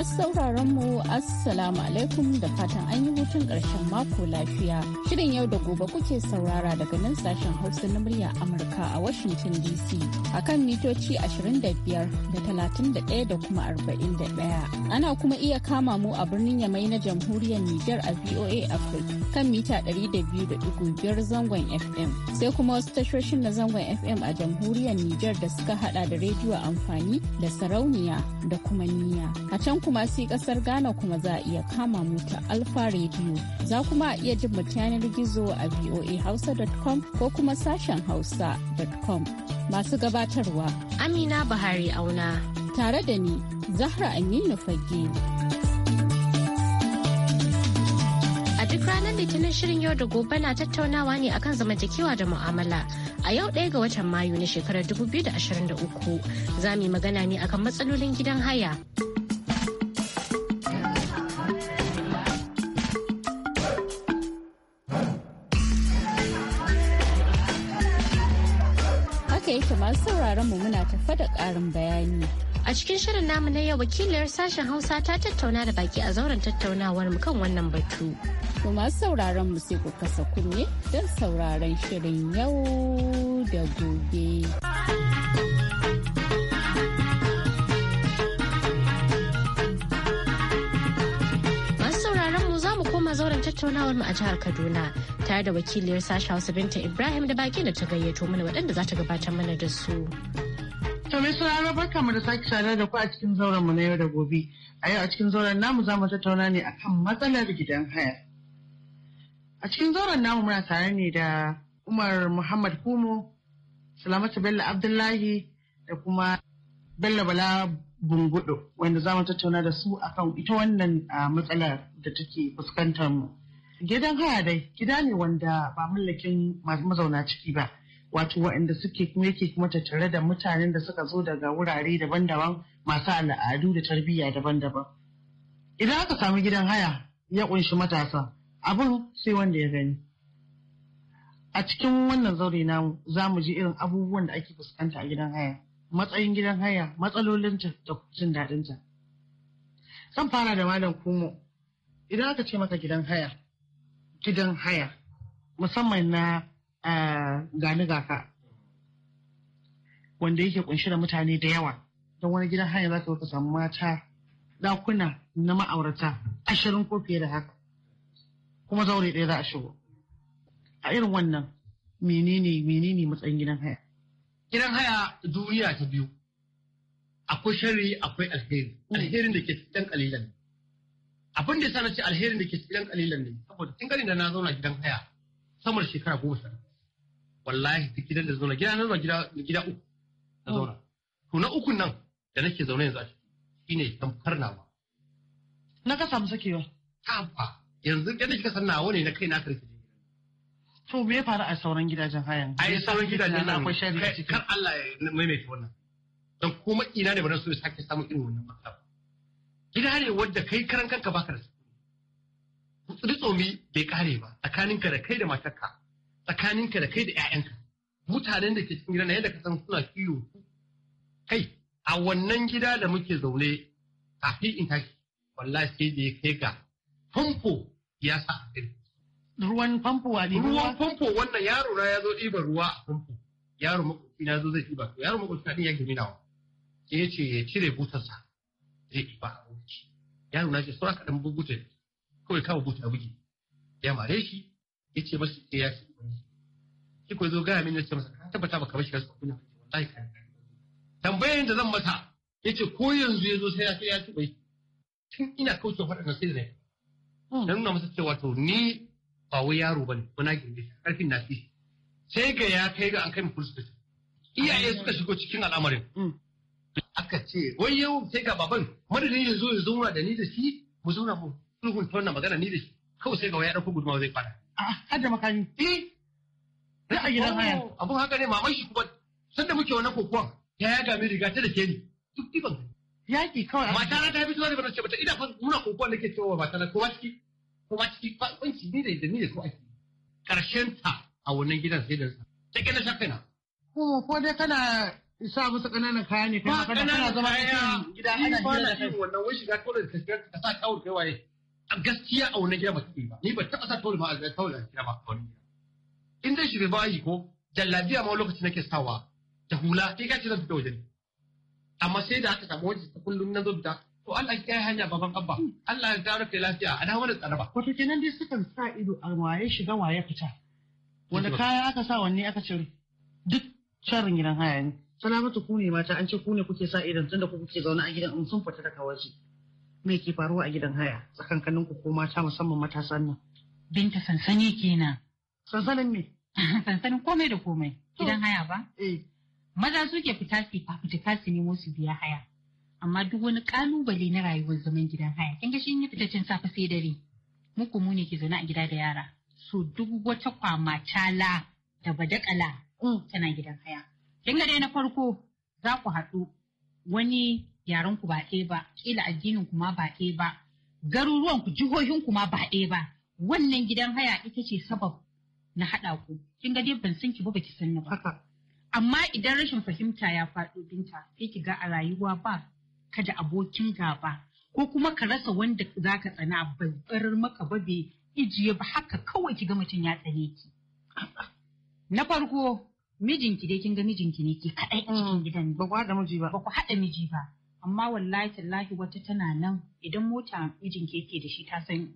Masu sauraron mu Assalamu alaikum da fatan an yi hutun ƙarshen mako lafiya. Shirin yau da gobe kuke saurara daga nan sashen Hausa na murya Amurka a Washington DC akan mitoci 25 da 31 da kuma 41. Ana kuma iya kama mu a birnin Yamai na Jamhuriyar Nijar a VOA Africa kan mita 200.5 zangon FM. Sai kuma wasu tashoshin na zangon FM a Jamhuriyar Nijar da suka hada da rediyo amfani da sarauniya da kuma niya. A can kuma sai kasar Ghana kuma za a iya kama mu ta Alfa Radio. Za kuma a iya jin mu yanar gizo a voahausa.com ko kuma sashen hausa.com. Masu gabatarwa Amina Bahari Auna. Tare da ni Zahra Aminu Fage. A duk ranar Litinin shirin yau da gobe na tattaunawa ne akan zamantakewa da mu'amala. a yau ɗaya ga watan mayu na shekarar 2023 za mu yi magana ne akan matsalolin gidan haya. masu sauraron mu muna tafa da ƙarin bayani. A cikin shirin namu na yau wakiliyar sashen Hausa ta tattauna da baki a zauren tattaunawar mu kan wannan batu. To masu sauraron mu sai ku kasa kunne don sauraron shirin yau da gobe. Masu sauraron mu za mu koma zauren tattaunawar mu a jihar Kaduna tare da wakiliyar sasha Hausa Binta Ibrahim da baki da ta gayyato mana waɗanda za ta gabatar mana da su. To mai sauraro barka mu da sake sadar da ku a cikin zauren mu na yau da gobe. A yau a cikin zauren namu za mu tattauna ne akan matsalar gidan haya. A cikin zauren namu muna tare ne da Umar Muhammad Kumo, Salamatu Bello Abdullahi da kuma Bello Bala Bungudu wanda za mu tattauna da su akan ita wannan ah, matsalar da take fuskantar mu. Gidan haya dai gida ne wanda ba mallakin mazauna ciki ba. Wato waɗanda suke kuma yake kuma tattare da mutanen da suka zo daga wurare daban-daban masu al'adu da tarbiyya daban-daban. Idan aka samu gidan haya ya ƙunshi matasa abun sai wanda ya gani. A cikin wannan zaure namu za mu ji irin abubuwan da ake fuskanta a gidan haya, matsayin gidan haya, matsalolinta da jin daɗinta. Zan fara da malam kumo. Idan aka ce maka gidan haya, gidan haya musamman na gani gaka wanda yake kunshi da mutane da yawa don wani gidan haya za ka samu mata dakuna, na ma'aurata ashirin ko fiye da haka kuma zaure ɗaya za a shigo a irin wannan menene menene matsayin gidan haya gidan haya duniya ta biyu akwai shari akwai alheri alherin da ke ɗan ƙalilan abin da yasa na ce alherin da ke cikin kalilan ne saboda tun garin da na zauna gidan haya samar shekara goma sha wallahi duk gidan da zauna gida na zauna gida uku na zauna to na ukun nan da nake zaune yanzu a ciki shine tamkar nawa na ka samu sakewa tabba yanzu yadda kika san nawa ne na kai na karfi to me ya faru a sauran gidajen hayan ai sauran gidajen na akwai shari'a kar Allah ya maimaita wannan dan kuma ina ne ba su sake samun irin wannan matsala gida ne wadda kai karan kanka baka da tsomi bai kare ba tsakaninka da kai da matarka tsakaninka da kai da 'ya'yanka mutanen da ke cikin gida na yadda ka san suna kiwo kai a wannan gida da muke zaune kafin in tashi wallahi sai da ya kai ga famfo ya sa a ruwan famfo a ruwan famfo wannan yaro na ya zo ɗiban ruwa a famfo yaro makwabci na zo zai ɗiba yaro makwabci na ɗin ya gami nawa sai ya ce ya cire butarsa zai yi ba wuce ya nuna shi sura kaɗan bubuta kawai kama buta buge ya mare shi ya ce masu eh, ya ce wani shi ko zo gaya min ya ce masa ka tabbata baka bashi kasu kuna wallahi ka tambayar da zan masa ya ce ko yanzu ya zo sai ya ce ya ci bai tun ina kauce faɗa na sai zai hmm. na nuna masa cewa to ni ba wai yaro bane muna girme shi ƙarfin na fi sai ga ya kai ga an kai mu da shi. iyaye suka shigo cikin al'amarin hmm. aka ce wai yau sai ga baban madadin ya zo ya zauna da ni da shi mu zauna mu sulhun ta wannan magana ni da shi kawai sai ga wani ya dauko gudunmawa zai fara. A'a har da makami. Eh. Ra'ayi na haya. Oh, abun haka ne maman shi kuma sanda muke wannan kokuwan ya ya ga gami riga ta da ke ni duk ɗiban. Yaƙi kawai. Mata na ta fito da bana ce mata ina fa muna kokuwan nake cewa mata na kowa ciki kowa ciki ba kunci ni da ni da ko ake. Karshen ta a wannan gidan sai da sa. Ta kenan shakka Ko oh, ko dai kana Isa musu ƙananan kaya ne kai kana kana zama a cikin gida ana hira da kai wannan wai shiga dole ka shiga ka sa kawul kai waye a gaskiya a wannan gida ba ki ba ni ba taɓa sa kawul ba a kawul a gida ba in dai shiga bayi ko jallabiya ma lokaci nake sawa da hula kai ka ce zan fita waje amma sai da aka samu wajen kullum na zo da to Allah ya hanya baban abba Allah ya tsara kai lafiya a dawo da tsaraba wato kenan dai sukan sa ido a waye shiga waye fita wanda kaya aka sa wanne aka cire duk sharrin gidan haya ne salamatu ku ne mata an ce ku ne kuke sa idan tunda ku kuke zaune a gidan in sun fita daga waje me ke faruwa a gidan haya tsakankanin ku ko mata musamman matasan nan binta sansani kenan sansanin me sansanin komai da komai gidan haya ba eh. maza suke fita su fita su nemo su biya haya amma duk wani kalubale na rayuwar zaman gidan haya kin ga shi ne fitaccen safe sai dare muku mu ne ke zaune a gida da yara so duk wata kwama tala da badakala mm. tana gidan haya Kin ga dai na farko za ku haɗu wani yaren ku ba ɗaya ba, ƙila addinin ku ma ba ɗaya ba, garuruwan ku jihohin ku ma ba ɗaya ba. Wannan gidan haya ita ce sabab na haɗa ku. Kin ga dai ban san ki ba ki san ni ba. Amma idan rashin fahimta ya faɗo binta, sai ki ga a rayuwa ba kada abokin gaba ko kuma ka rasa wanda za ka tsana barar maka ba bai ijiye ba haka kawai ki ga mutum ya tsane ki. Na farko mijinki dai kin ga mijinki ne ke kadai a cikin mm. gidan ba ku haɗa miji ba ba ku haɗa miji ba amma wallahi tallahi wata tana nan idan mota mijinki yake da shi ta san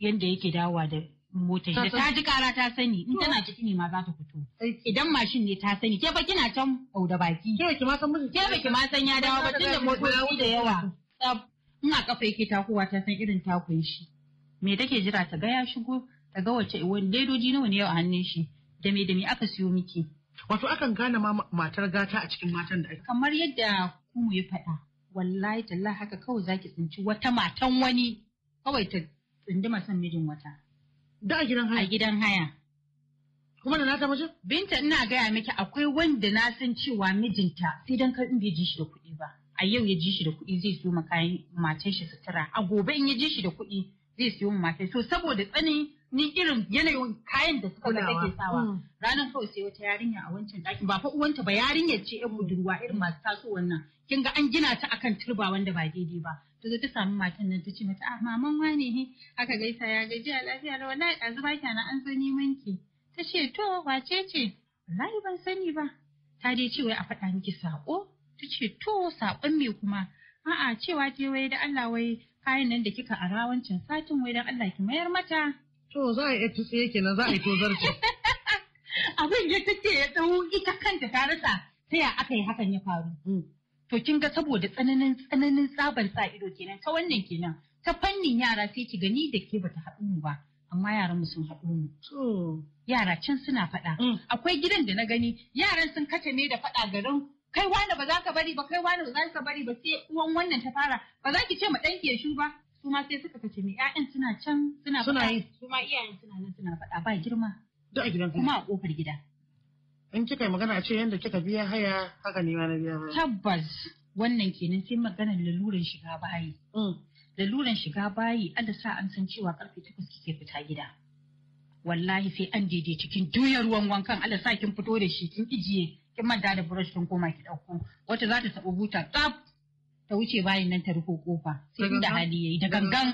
yanda yake dawowa da motar da ta ji kara ta sani in tana ciki ne ma za ta fito idan mashin ne ta sani ke ba kina can au da baki ke ba ki ma san miji ke ba ki ma san ya dawo ba mota motoci da yawa ina kafa yake takowa ta san irin takun shi me take jira ta ga ya shigo ta ga wace ledoji nawa ne yau a hannun shi da me da me aka siyo miki Wato akan gane ma matar gata a cikin matan da ake. Kamar yadda kuma ya faɗa, wallahi talla haka kawai zaki tsinci wata matan wani kawai ta tsindima son mijin wata. Da a gidan haya? A gidan haya. Kuma da nata mijin? Binta ina gaya miki akwai wanda na san cewa mijinta sai dan kar in bai ji shi da kuɗi ba. A yau ya ji shi da kuɗi zai siyo ma kayan matar shi sutura. A gobe in ya ji shi da kuɗi zai siyo ma matar. So saboda tsanin ni irin yanayin kayan da suka ga take sawa hmm. ranar kawai sai wata yarinya a wancan ɗakin ba fa uwanta ba yarinya ce yan budurwa irin masu taso wannan kin ga an gina ta akan turba wanda ba daidai ba ta zo ta samu matan nan ta ce mata a ah, maman wane ne aka gaisa ya gaji a lafiya da wallahi ɗazu ba na an zo neman ki ta ce to wace ce wallahi ban sani ba ta dai ce wai a faɗa miki sako. ta ce to saƙon me kuma a'a cewa je wai da Allah wai kayan nan da kika ara wancan satin wai dan Allah ki mayar mata To za a yi tsaye kenan za a yi tozarci. Abin ya take ya tsawo ita kanta ta rasa ta ya aka yi hakan ya faru. Mm. To kin ga saboda tsananin tsananin tsabar sa ido kenan ta wannan kenan ta fannin yara sai ki gani da ke bata haɗu mu ba amma yaran mu sun haɗu mu. Yara can suna faɗa. Mm. Akwai gidan da na gani yaran sun kace ne da faɗa garin kai wani ba za ka bari ba kai wani ba za ka bari ba sai uwan wannan ta fara ba za ki ce ma ɗanki ya shu ba su sai suka kace me ƴaƴan suna can suna suna yi su iyayen suna nan suna faɗa ba girma da gidan kuma a kofar gida in kika yi magana ce yanda kika biya haya haka ne ma na biya haya tabbas wannan kenan sai maganar laluran shiga bayi mm. laluran shiga bayi Allah sa an san cewa karfe 8 kike fita gida wallahi sai an daidai cikin juya ruwan wankan Allah sa kin fito da shi kin ijiye kin manta da brush kin koma ki dauko wata za ta taɓa buta tsaf ta wuce bayan nan ta rufe kofa sai inda hali yayi da gangan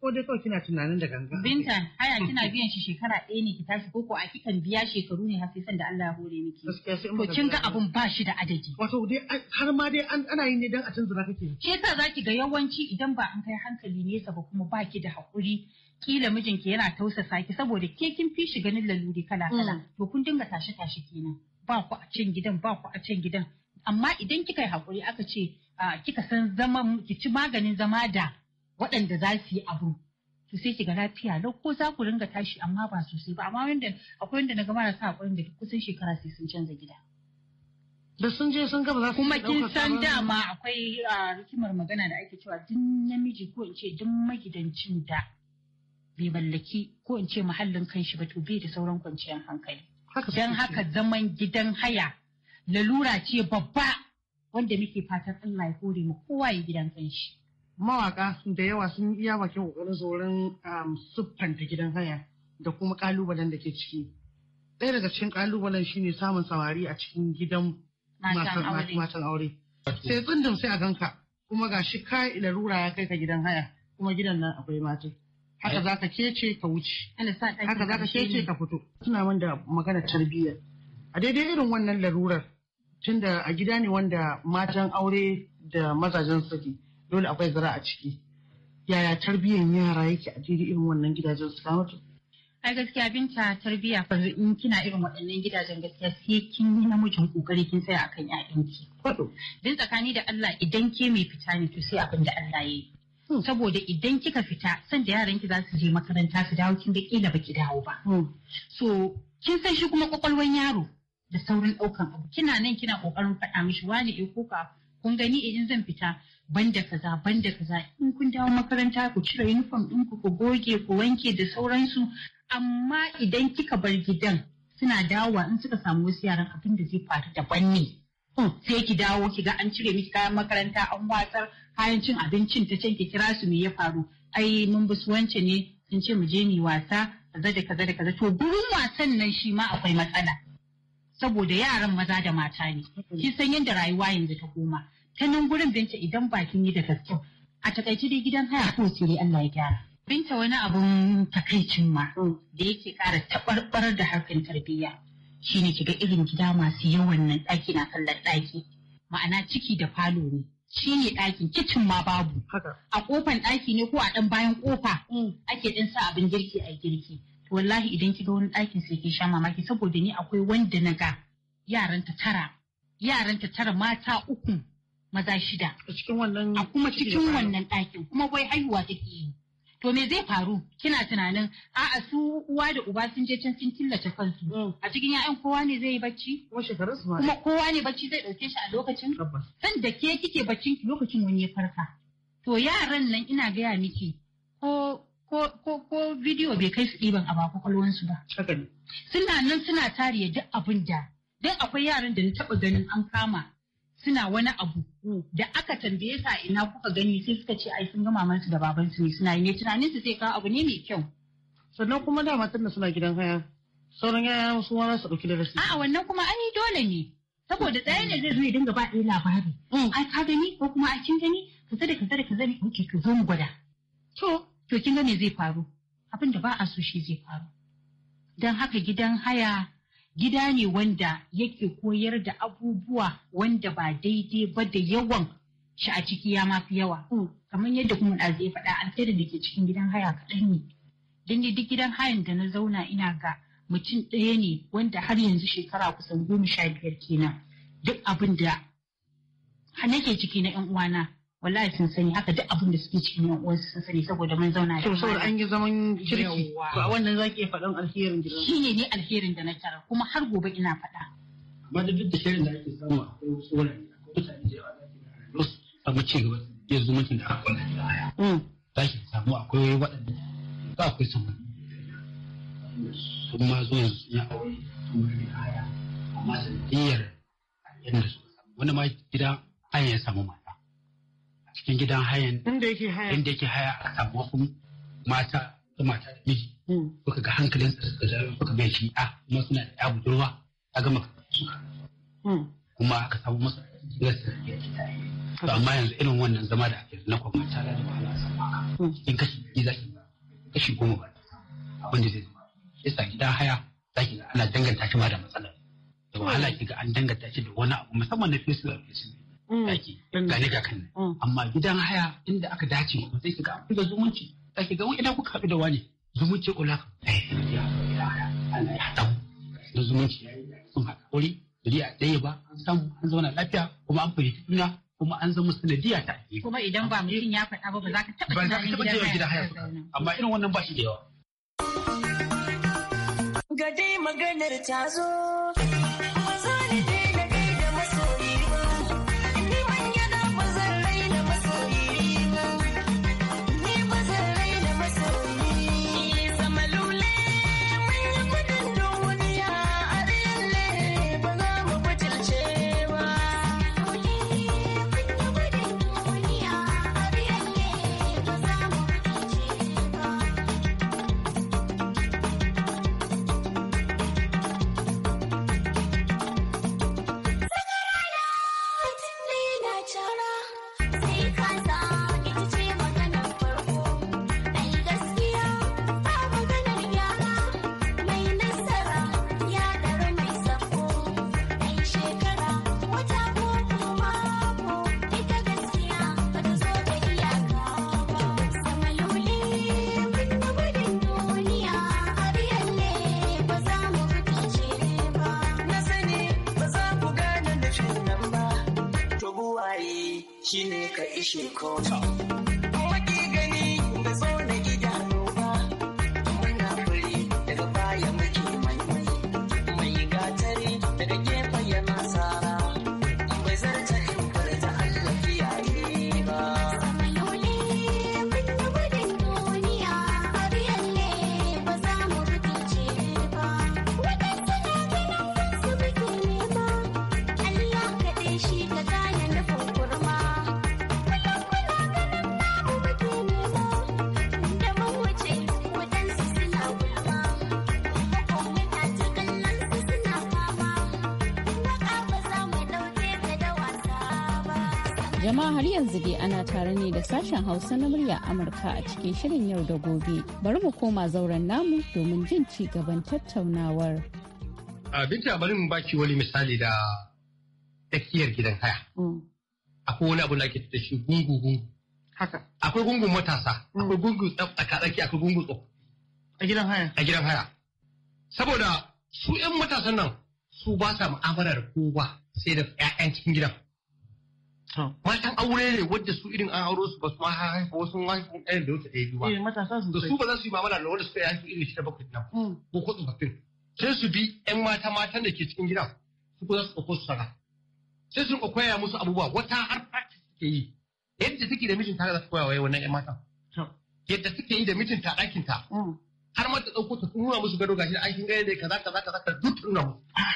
ko dai kawai kina tunanin da gangan binta haya kina biyan shi shekara ɗaya ne ki tashi ko ko a kikan biya shekaru ne har sai san da Allah ya hore miki to kin ga abun ba shi da adadi wato dai har ma dai ana yin ne dan a canza kake shi yasa zaki ga yawanci idan ba an kai hankali sa ba kuma baki da hakuri kila mijinki yana tausasa ki saboda ke kin fi shi ganin laluri kala kala mm. to kun dinga tashi tashi kenan ba ku a cikin gidan ba ku a cikin gidan amma idan kika yi hakuri aka ce kika san zama ki ci maganin zama da waɗanda za su yi abu to sai kiga lafiya lau ko za ku ringa tashi amma ba sosai ba amma wanda akwai wanda na ga marasa akwai da kusan shekara sai sun canza gida da sun je sun gaba za su kuma kin san dama akwai rikimar magana da ake cewa duk namiji ko in ce duk magidancin da bai mallaki ko in ce muhallin kanshi ba to bai da sauran kwanciyar hankali don haka zaman gidan haya lalura ce babba wanda muke fatan Allah ya kore mu kowa ya gidan kanshi. Mawaka da yawa sun iya bakin kokarin wurin um, siffanta gidan haya da kuma kalubalen da ke ciki. Ɗaya daga cikin kalubalen shine samun samari a cikin gidan matan aure. Sai tsundum sai a ganka kuma ga shi ka larura ya kai ka gidan haya kuma gidan nan akwai mata. Haka za ka kece ka wuce. Haka za ka kece ka fito. Suna wanda magana tarbiyyar. A daidai irin wannan larurar tunda a gida ne wanda matan aure da mazajen suke dole akwai zara a ciki yaya tarbiyyan yara yake a daidai irin wannan gidajen su kamata ai gaskiya binta tarbiyya fa in kina irin waɗannan gidajen gaskiya sai kin yi namijin kokari kin tsaya akan ƴaƴanki din tsakani da Allah idan ke mai fita ne to sai abin da Allah ya yi hmm. saboda idan kika fita san da yaran ki za su je makaranta su dawo kin da kila baki dawo ba hmm. so kin san shi kuma kwakwalwan yaro da saurin ɗaukan abu kina nan kina ƙoƙarin faɗa mishi wani e kuka kun gani eh in zan fita ban da kaza ban da kaza in kun dawo makaranta ku cire uniform ɗin ku ku goge ku wanke da sauransu amma idan kika bar gidan suna dawowa in suka samu wasu yaran abin da zai faru daban ne. Hmm, sai ki dawo ki ga an cire miki kayan makaranta an watsar kayan cin abincin ta can ki kira su me ya faru ai mun bi wance ne sun ce mu je ni wasa kaza da kaza da kaza to gurin wasan nan shi ma akwai matsala saboda yaran maza da mata ne shi san yadda rayuwa yanzu ta koma ta nan gurin binta idan bakin yi da gaske a takaice dai gidan haya ko sirri Allah ya gyara binta wani abun takaicin ma mm. da yake kara tabarbar da harkar tarbiyya shine kiga irin gida masu yawan nan daki na kallon daki ma'ana ciki da falo ne shi ne ɗakin kicin ma babu. A ƙofan ɗaki ne ko a ɗan bayan ƙofa mm. ake ɗan sa abin girki a girki. wallahi idan kiga wani ɗakin sai ke sha mamaki saboda ni akwai wanda na ga yaranta tara yaranta tara mata uku maza shida a cikin wannan a kuma cikin wannan ɗakin kuma wai haihuwa take yi to me zai faru kina tunanin a'a su uwa da uba sun je can sun killace kansu mm. a cikin ya'yan kowa ne zai yi bacci kuma kowa ne bacci zai ɗauke shi a lokacin san da ke kike baccin lokacin wani ya farka to yaran nan ina gaya miki ko ko ko video bai kai su ɗiban a ba su ba. Suna nan suna tariya duk abin da don akwai yaran da na taɓa ganin an kama suna wani abu da aka tambaye sa ina kuka gani sai suka ce ai sun ga mamansu da babansu ne suna yi ne tunanin su sai kawo abu ne mai kyau. Sannan kuma da matan da suna gidan haya sauran yaya su wani su ɗauki darasi. A'a wannan kuma an yi dole ne saboda ɗaya ne zai zo ya dinga ba ɗaya labari. Mm. Ai ka gani ko kuma a kin gani ka da ka da ka ne ka zo mu gwada. To to kin ga me zai faru abin da ba a so shi zai faru don haka gidan haya gida ne wanda yake koyar da abubuwa wanda ba daidai ba da yawan shi a ciki ya mafi yawa hmm, kamar yadda kuma da zai faɗa alkhairin da ke cikin gidan haya kaɗan ne don ne duk gidan hayan da na zauna ina ga mutum ɗaya ne wanda har yanzu shekara kusan goma sha biyar kenan duk abin da nake ciki na 'yan uwana wallahi sun sani haka duk abin da suke cikin yan uwansu sun sani saboda mun zauna da su an yi zaman kirki a wannan zaki iya faɗan alherin gidan Shi ne alherin da na tara kuma har gobe ina faɗa amma da duk da shirin da ake samu a wasu wurare akwai mutane da yawa da ake da samu ci gaba ya zumuncin da aka wannan gida mm. zaki samu akwai waɗanda ba akwai sun sun ma zo yanzu sun yi aure sun wuri haya amma sanadiyar yadda suka samu wani ma gida yi samu ma cikin gidan hayan inda yake haya inda yake haya a samu wasu mata mata da miji kuka hmm. ga hankalin su suka da kuka mai shi a ah, kuma suna da ya budurwa a gama hmm. kuma aka samu masu to amma yanzu irin wannan zama da ake na kwamma ta da ba na san haka hmm. in kashi ki zaki kashi goma ba wanda zai zama yasa gidan haya zaki ana danganta shi ma da matsalar da wahala ki ga an danganta shi da wani abu musamman na fesu da fesu Mm. daki gane mm. ga kan mm. amma gidan haya inda aka dace ba sai shiga da zumunci zaki ga idan kuka haɗu da wani zumunci kula eh, ana haɗa da zumunci sun haɗa wuri dari a ɗaya ba samu an zauna lafiya kuma an fahimci juna kuma an zama sanadiyya ta Kuma idan ba mutum ya faɗa ba ba za ka taɓa tunanin gidan haya amma irin wannan ba shi da yawa. Gade maganar ta zo. 是枯燥。Kamar yanzu dai ana tare ne da sashen Hausa na murya Amurka a cikin shirin yau da gobe. Bari mu koma zauren namu domin jin ci gaban tattaunawar. Binta bari mu baki wani misali da tsakiyar gidan haya. Mm. Akwai wani abu da ake da shi gungu Haka. Akwai gungun matasa, mm. akwai gungun tsaka akwai gungun tsofaffi. A gidan haya. A gidan haya. Saboda su 'yan matasan nan su ba sa mu'amalar kowa sai da 'ya'yan cikin gidan. matan aure ne wadda su irin an auro su ba su ma haifa wasu ma haifa ɗayan da wata ɗaya biyu ba. Da eh, su ba za su yi mamala da wanda suka yi haifa irin shida bakwai nan hmm. ko kwatsu tsofaffin. Sai su bi ƴan mata matan da ke cikin gidan su ko za su ɗauko su sara. Sai su koya musu abubuwa wata har su suke yi. Yadda take da mijinta za su koya wa wannan ƴan matan. Yadda suke yi da mijinta a ta hmm. Har ma ta ɗauko ta nuna musu gado gashi da aikin gaya ne kaza kaza kaza duk nuna musu. Ah,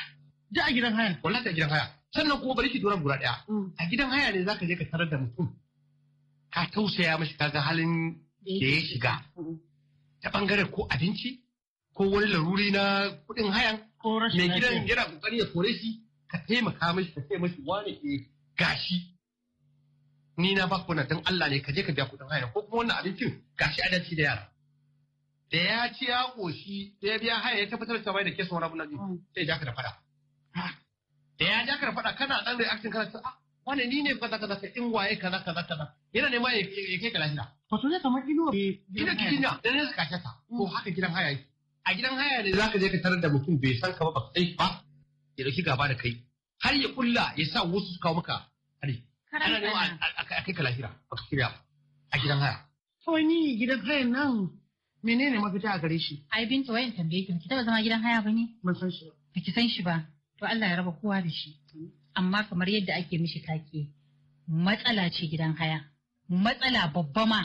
da a gidan haya. Wallahi a gidan haya. sannan kuma bari shi doron guda ɗaya mm. a gidan haya ne zaka je ka tarar da mutum ka tausaya ka ga halin da ya shiga mm. ta bangare ko abinci ko wani laruri na kuɗin hayan mai gidan yana kokari ya kore shi ka taimaka mashi ka taimaka mashi wani ke eh, gashi ni na baka na dan Allah ne ka je ka biya kuɗin haya ko kuma wannan abincin gashi a dace da yara da ya ci ya koshi da ya biya haya ya tabbatar da bai da ke sauran abun nan mm. sai ja ka da fada da ya ja karfada kana dan reaction kana ah wani ni ne kaza kaza sai in waye kaza kaza kaza yana nema ya kai ka lahira to so ne kamar inuwa eh, ina cikin da dan suka kashe ta ko haka gidan haya yake a gidan haya ne zaka je ka tarar da mutum bai san ka ba ba sai ba ya dauki gaba da kai har ya kulla ya sa wasu su kawo maka hari ana nema a kai ka lahira ba kiriya a gidan haya to ni gidan haya nan menene mafita a gare shi ai binta wayan tambaye ki ki taba zama gidan haya bane ban san shi ba ki san shi ba to Allah ya raba kowa da shi amma kamar yadda ake mishi take matsala ce gidan haya matsala babba ma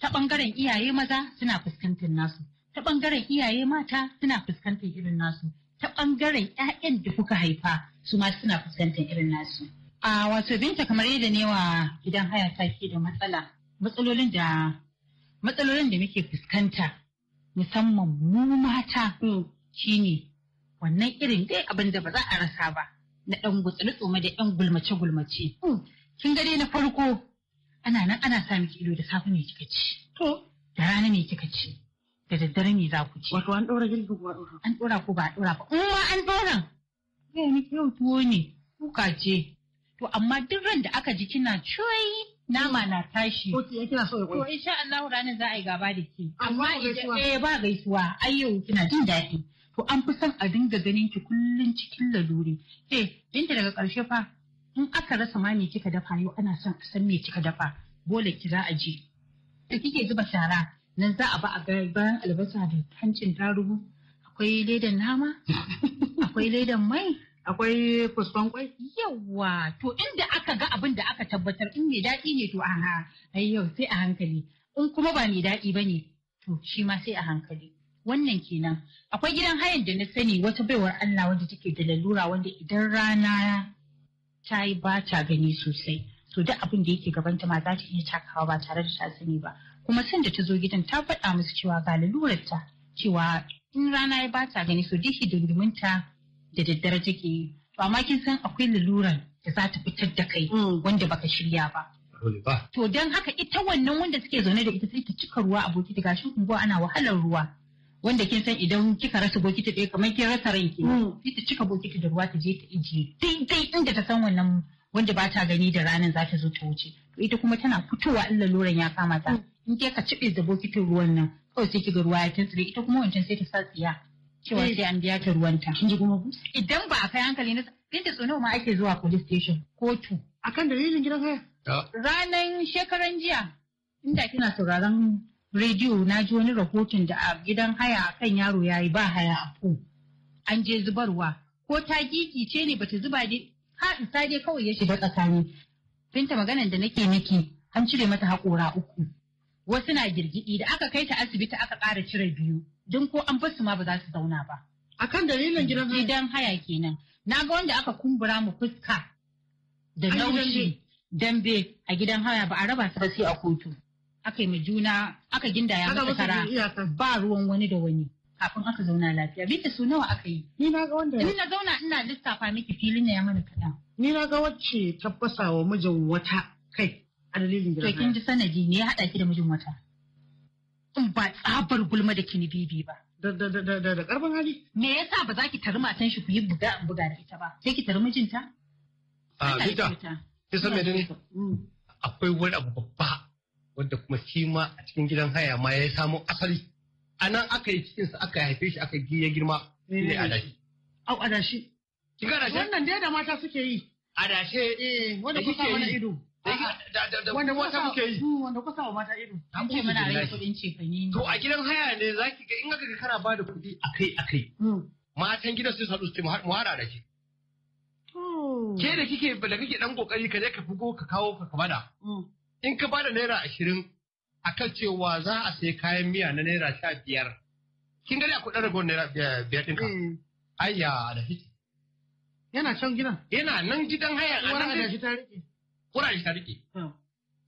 ta bangaren iyaye maza suna fuskantar nasu ta bangaren iyaye mata suna fuskantar irin nasu ta bangaren 'ya'yan da kuka haifa su ma suna fuskantar irin nasu a wato binta kamar yadda ne wa gidan haya take da matsala matsalolin da matsalolin da muke fuskanta musamman mu mata mm. shine wannan irin dai abin da ba za a rasa ba na ɗan gutsuri tsoma da ɗan gulmace gulmace. Hmm. Kin ga dai na farko ana nan ana sa miki ido da safe mai kika ci. To da rana mai kika ci. Da daddare ne za ku ci. Wato an ɗora ko a ɗora. An ɗora ko ba a ɗora ba. Umma an ɗora. Yau ni yau tuwo ne. Kuka ce. To amma duk ran da aka ji kina cuyi nama na tashi. Ko ki kina so ya kwai. To insha Allah ranar za a yi gaba da ke. Amma idan eh ba gaisuwa Ayyau kina jin daɗi. to an fi son a dinga ganin ki kullum cikin lalure eh inda daga ƙarshe fa in aka rasa ma me kika dafa yau ana son a san me kika dafa bola ki za a je da kike zuba shara nan za a ba a ga bayan albasa da hancin tarugu akwai ledan nama akwai ledan mai akwai kuskon kwai yawa to inda aka ga abin da aka tabbatar in mai daɗi ne to aha ai yau sai a hankali in kuma ba mai daɗi ba ne to shi ma sai a hankali wannan kenan akwai gidan hayan da na sani wata baiwar Allah wanda take da lalura wanda idan rana ta yi ba ta gani sosai to duk abin da yake gabanta ma za ta iya takawa ba tare da ta sani ba kuma sanda ta zo gidan ta faɗa musu cewa ga lalurar ta cewa in rana ya ba ta gani so dishi ta da daddare take yi to amma kin san akwai lalurar da za ta fitar da kai mm. wanda baka shirya ba To don haka ita wannan wanda suke zaune da ita sai ta cika ruwa a da gashin unguwa ana wahalar ruwa. wanda kin san idan kika rasa bokiti ɗaya kamar kin rasa ranki hmm. sai ta cika bokiti da ruwa ta je ta ije daidai inda ta san wannan wanda ba ta gani da ranar za ta zo ta wuce ita kuma tana fitowa in laluran ya kama ta hmm. in ke ka cibe da bokitin ruwan nan kawai sai kiga ruwa ya tantsire ita kuma wancan sai ta sa tsiya cewa hmm. sai an biya ta ruwanta kin ji kuma idan ba a kai hankali na inda tsono ma ake zuwa police station kotu akan dalilin gidan haya ranan shekaran jiya inda kina sauraron rediyo na ji wani rahoton da a gidan haya a kan yaro ya yi ba haya a ko an je zubarwa ko ta gigice ne bata zuba dai ha isa dai kawai ya shiga tsakani binta maganan da nake miki an cire mata haƙora uku wasu na girgidi da aka kai ta asibiti aka ƙara cire biyu don ko an basu ma ba za su zauna ba akan dalilin gidan haya gidan haya kenan na ga wanda aka kumbura mu fuska da naushi dambe a gidan haya ba a raba su ba sai a kotu aka yi ma juna aka ginda ya masa kara ba ruwan wani da wani kafin aka zauna lafiya binta su nawa aka yi ni na ga wanda ni na zauna ina lissafa miki filin ya mana kaɗan. ni na ga wacce tabbasa wa mijin wata kai a dalilin da to kin ji sanadi ne ya haɗa ki da mijin wata in ba tsabar gulma da kini bibi ba da da da da da karban hali me yasa ba za ki tari matan shi ku yi buga buga da ita ba sai ki tari mijinta a bita ki san me ne mm. akwai wani abu babba wanda kuma shi ma a cikin gidan haya ma ya samo asali a nan aka yi cikinsa aka haife shi aka ya girma ne mm. dashi Au dashi Kika dashi Wannan dai da mata suke yi. dashi Eh wanda sa mana ido. Wanda mata muke yi. Wanda ku sa mm, mata ido. An ce mana rage kuɗin ne To a gidan haya ne zaki ga in aka ga kana ba da kuɗi akai akai. Mm. Matan gidan sun sadu su ce mu hada da shi. Oh. Ke da kike da kike dan kokari ka je ka fugo ka kawo ka kamada. in ka bada naira ashirin a kan cewa za a sai kayan miya na naira sha biyar kin gani akwai ɗan ragowar naira biyar ɗinka mm. ayya da shi yana can gidan yana nan gidan haya a nan da shi ta rike kura shi ta rike ah.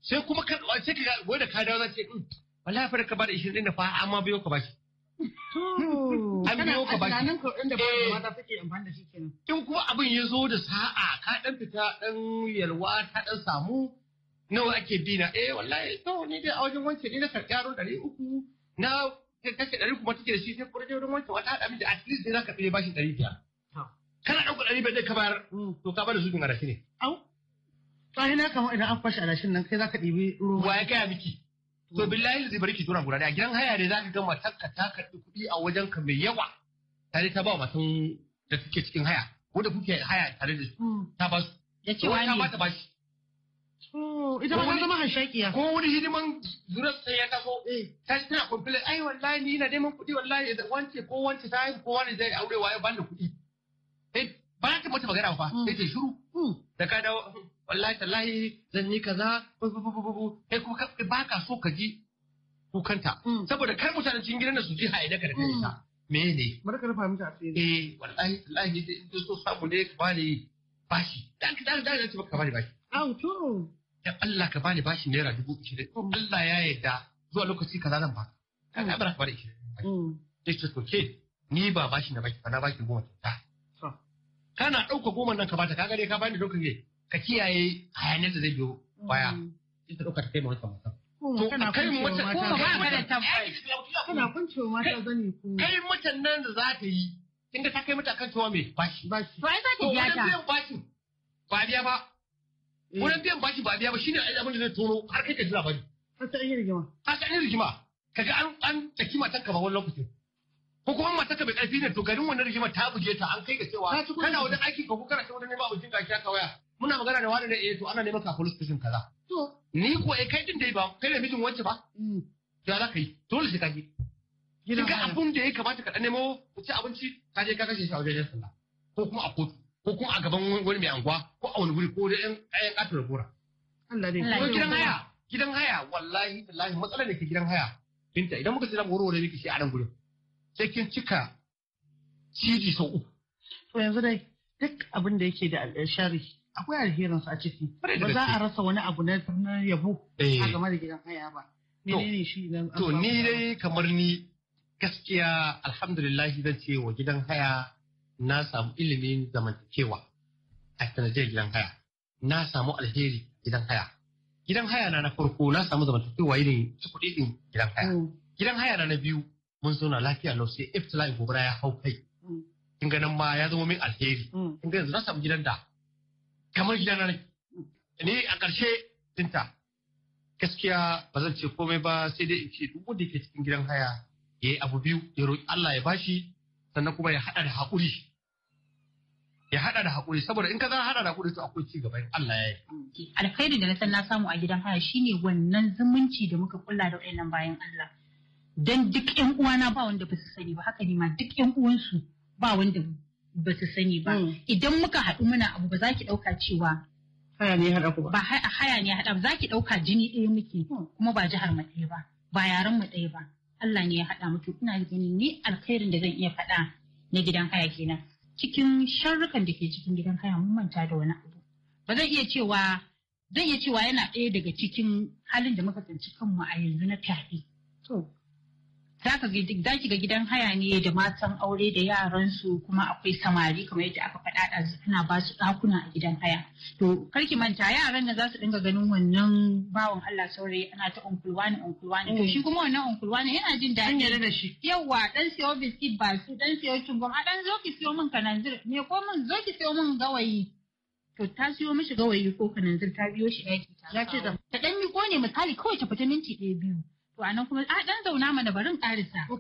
sai kuma ka sai ka goyi da ka dawo za ce hmm, wallahi fa ka bada ishirin ɗin da fa amma biyo ka bashi an biyo ka baki. da eh. suke amfani da shi kenan. In kuma abin ya zo da sa'a ka ɗan fita ɗan yalwa ta ɗan samu nawa ake bina eh wallahi to ni dai a wajen wancan ni na karɓi aro ɗari uku na kashe ɗari kuma take da shi sai kuma wajen wancan wata haɗa miji at least na karɓi bashi ɗari biyar. kana ɗauka ɗari biyar dai ka bayar hmm. to ka bada zubin arashi ne. au tsahi na kama idan an kwashe arashin nan kai za ka ɗibi ruwa. wa ya a miki. to hmm. billahi zai bari ki tura guda A gidan haya ne za gama ga matarka ta karɓi kuɗi a wajen ka mai yawa tare ta ba wa matan da take cikin haya wanda kuke haya tare da su hmm. ta ba su. ya ce wani. ta ba ta ba shi. ita ma ta zama hashakiya ko wani hidiman zurar sai ya tazo ta tana complain ai wallahi ni na neman kuɗi wallahi da wance ko wance ta ko wani zai aure waye ban da kuɗi eh ba ta mata magana ba sai ta shiru da ka dawo wallahi tallahi zan yi kaza kai kuma ba ka so ka ji kukanta saboda kar mutanen cikin gidan su ji haida ka da kai ta mene bari ka rufa mata asiri eh wallahi tallahi in so samu ne ka bani bashi dan dan dan ka bani bashi to. Da Allah ka bani bashi naira dubu ishirin. Allah ya yarda zuwa lokaci kaza zan baka. Ka ga bara ka ishirin. Mm. Sai ce to ke ni ba bashi na baki ba na baki goma ta. Kana ɗauka goma nan ka bata ka dai ka bani lokaci ka kiyaye hayanin da zai biyo mm. baya. Sai ta ɗauka ta kai ma wata mata. Kai mutan nan da za ta yi. Inda ta kai mata kan cewa mai bashi. Bashi. To za ta biya Ba biya ba. Eh. wurin biyan bashi ba biya ba shine abin da zai tono har kai ka ji labari har ta yi rigima har ta yi rigima kaga an an taki matan ka ba wani lokaci ko kuma matan ka bai karfi ne to garin wannan rigima ta buje ta an kai ga cewa kana wajen aiki ka ko kana wajen neman abincin ka ka waya muna magana da wani da eh to ana neman ka police station kaza to ni ko eh kai din dai ba kai ne mijin wacce ba mm. ya za ka yi dole sai ka yi kin ga abun da ya kamata ka dan nemo ku ci abinci ka je ka kashe shi a wajen sallah ko kuma a kotu ko ko a gaban wani mai anguwa ko a wani guri ko da yan ayan katar gora Allah ne ko gidan haya gidan haya wallahi matsalar da ke gidan haya binta idan muka tsira warware ne shi a nan gurin sai kin cika ciji sau uku to yanzu dai duk abin da yake da shari akwai alherinsa a ciki ba za a rasa wani abu na yabo a eh. game da gidan haya ba to ni dai kamar ni gaskiya alhamdulillah zan ce wa gidan haya na samu ilimin zamantakewa a sanadiyar gidan haya na samu alheri gidan haya gidan haya na na farko na samu zamantakewa irin kuɗi din gidan haya mm. gidan haya na na biyu mun zauna lafiya lau sai iftila'i gobara ya hau kai mm. kin ganin ma ya zama min alheri mm. kin ganin yanzu na samu gidan da kamar gidan na ne a ƙarshe tinta. gaskiya ba zan ce komai ba sai dai in ce duk wanda ke cikin gidan haya ya yi abu biyu ya roƙi Allah ya bashi sannan kuma ya haɗa da haƙuri ya haɗa da haƙuri saboda in ka za haɗa da haƙuri to akwai ci gaba in Allah ya yi alkhairin da na san na samu a gidan haya shine wannan zumunci da muka kulla da waɗannan bayan Allah dan duk ƴan uwana ba wanda ba su sani ba haka ne ma duk ƴan uwansu ba wanda ba su sani ba mm. idan muka haɗu muna abu ba za ki ɗauka cewa haya ne ya haɗa ku? ba haya ne ya haɗa ba za ki ɗauka jini ɗaya muke mm. kuma ba jihar mu ɗaya ba ba yaren mu ɗaya ba Allah ne ya haɗa mutu ina ganin ni alkhairin da zan iya faɗa na gidan haya kenan cikin sharrukan da ke cikin gidan haya mun manta da wani abu ba zan iya cewa zan iya cewa yana ɗaya daga cikin halin da muka tsinci kanmu a yanzu na fyaɗe to zaka za ki ga gidan haya ne da matan aure da yaran su kuma akwai samari kamar yadda aka faɗa su ana ba su ɗakuna a gidan haya to kar ki manta yaran da za su dinga ganin wannan bawan Allah saurayi ana ta unkulwa ne unkulwa ne to shi kuma wannan unkulwa ne yana jin daɗi da shi yawa dan siyo biskit ba su dan siyo cungon a dan zo ki siyo min kananzir me ko min zo ki siyo min gawayi to ta siyo mishi gawayi ko kananzir ta biyo shi ɗaki ta ce ta dan miko ne misali kawai ta fita minti ɗaya biyu To a nan kuma a ɗan zauna mana barin ƙarisa. Ko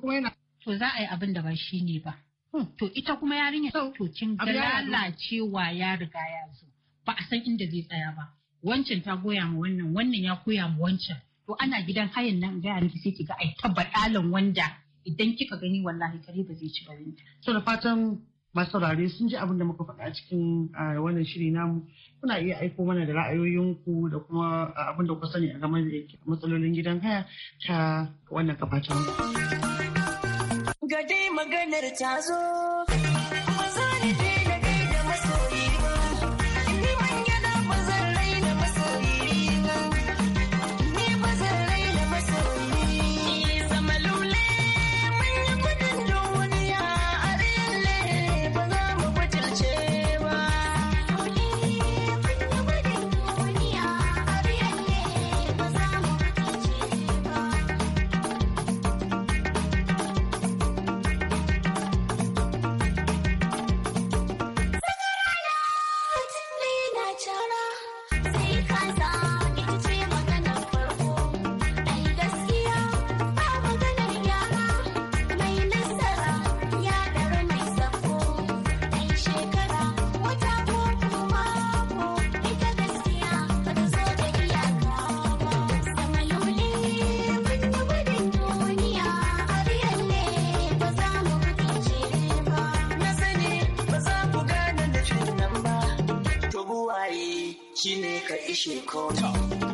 to za a yi abin da ba shi ne ba. Hmm. To ita kuma yarinya to kin ga lalacewa ya riga ya zo. Ba a san inda zai tsaya ba. Wancan ta goya ma wannan wannan ya koya ma wancan. To ana gidan hayan nan ga miki sai kiga ai tabbatalan wanda idan kika gani wallahi kare ba zai ci ba. So da fatan masu saurare sun ji abin da muka faɗa a cikin wannan shiri namu kuna iya aiko mana da ra'ayoyinku da kuma abin da kuka sani a game da matsalolin gidan haya ta wannan kafatar. Gade maganar ta zo. she could.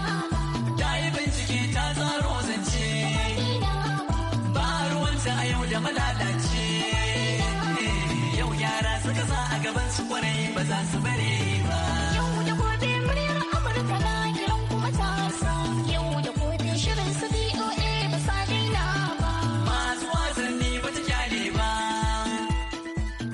da malalaci yau yara suka sa a gaban su kwarai ba za su bari.